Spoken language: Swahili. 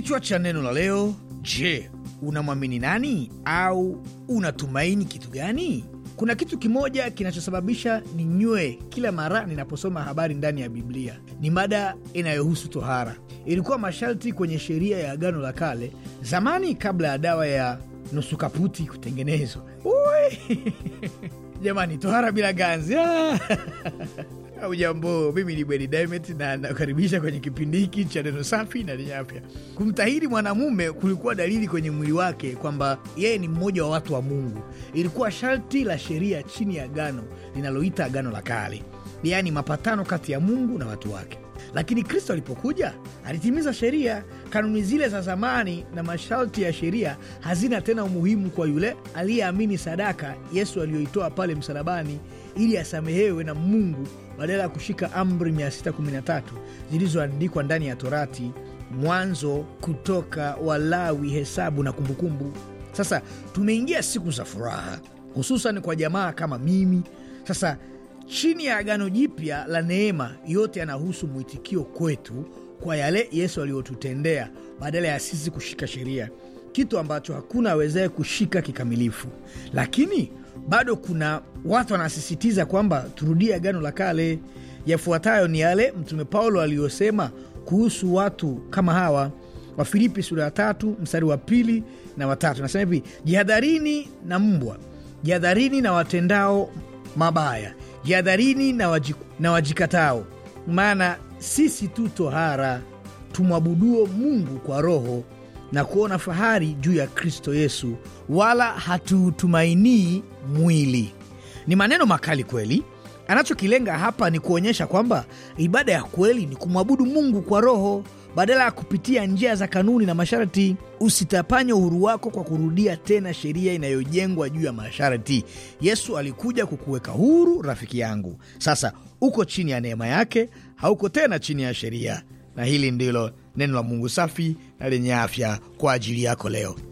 Kichwa cha neno la leo: Je, unamwamini nani au unatumaini kitu gani? Kuna kitu kimoja kinachosababisha ni nywe kila mara ninaposoma habari ndani ya Biblia. Ni mada inayohusu tohara. Ilikuwa masharti kwenye sheria ya Agano la Kale zamani, kabla ya dawa ya nusukaputi kutengenezwa. jamani, tohara bila ganzi ah. Ujambo, Mimi ni Bweni Dimet na nakaribisha kwenye kipindi hiki cha neno safi na lenye afya. Kumtahiri mwanamume kulikuwa dalili kwenye mwili wake kwamba yeye ni mmoja wa watu wa Mungu. Ilikuwa sharti la sheria chini ya agano linaloita Agano la Kale, yaani mapatano kati ya Mungu na watu wake. Lakini Kristo alipokuja alitimiza sheria Kanuni zile za zamani na masharti ya sheria hazina tena umuhimu kwa yule aliyeamini sadaka Yesu aliyoitoa pale msalabani ili asamehewe na Mungu badala ya kushika amri 613 zilizoandikwa ndani ya Torati, Mwanzo, Kutoka, Walawi, Hesabu na Kumbukumbu. Sasa tumeingia siku za furaha, hususan kwa jamaa kama mimi. Sasa chini ya agano jipya la neema, yote yanahusu mwitikio kwetu kwa yale Yesu aliyotutendea badala ya sisi kushika sheria, kitu ambacho hakuna awezaye kushika kikamilifu. Lakini bado kuna watu wanasisitiza kwamba turudie agano la kale. Yafuatayo ni yale Mtume Paulo aliyosema kuhusu watu kama hawa Wafilipi sura ya tatu mstari wa pili na watatu nasema hivi: jihadharini na mbwa, jihadharini na watendao mabaya, jihadharini na, wajik, na wajikatao, maana sisi tu tohara tumwabuduo Mungu kwa Roho na kuona fahari juu ya Kristo Yesu, wala hatuutumainii mwili. Ni maneno makali kweli, Anachokilenga hapa ni kuonyesha kwamba ibada ya kweli ni kumwabudu Mungu kwa roho badala ya kupitia njia za kanuni na masharti. Usitapanye uhuru wako kwa kurudia tena sheria inayojengwa juu ya masharti. Yesu alikuja kukuweka huru, rafiki yangu. Sasa uko chini ya neema yake, hauko tena chini ya sheria. Na hili ndilo neno la Mungu safi na lenye afya kwa ajili yako leo.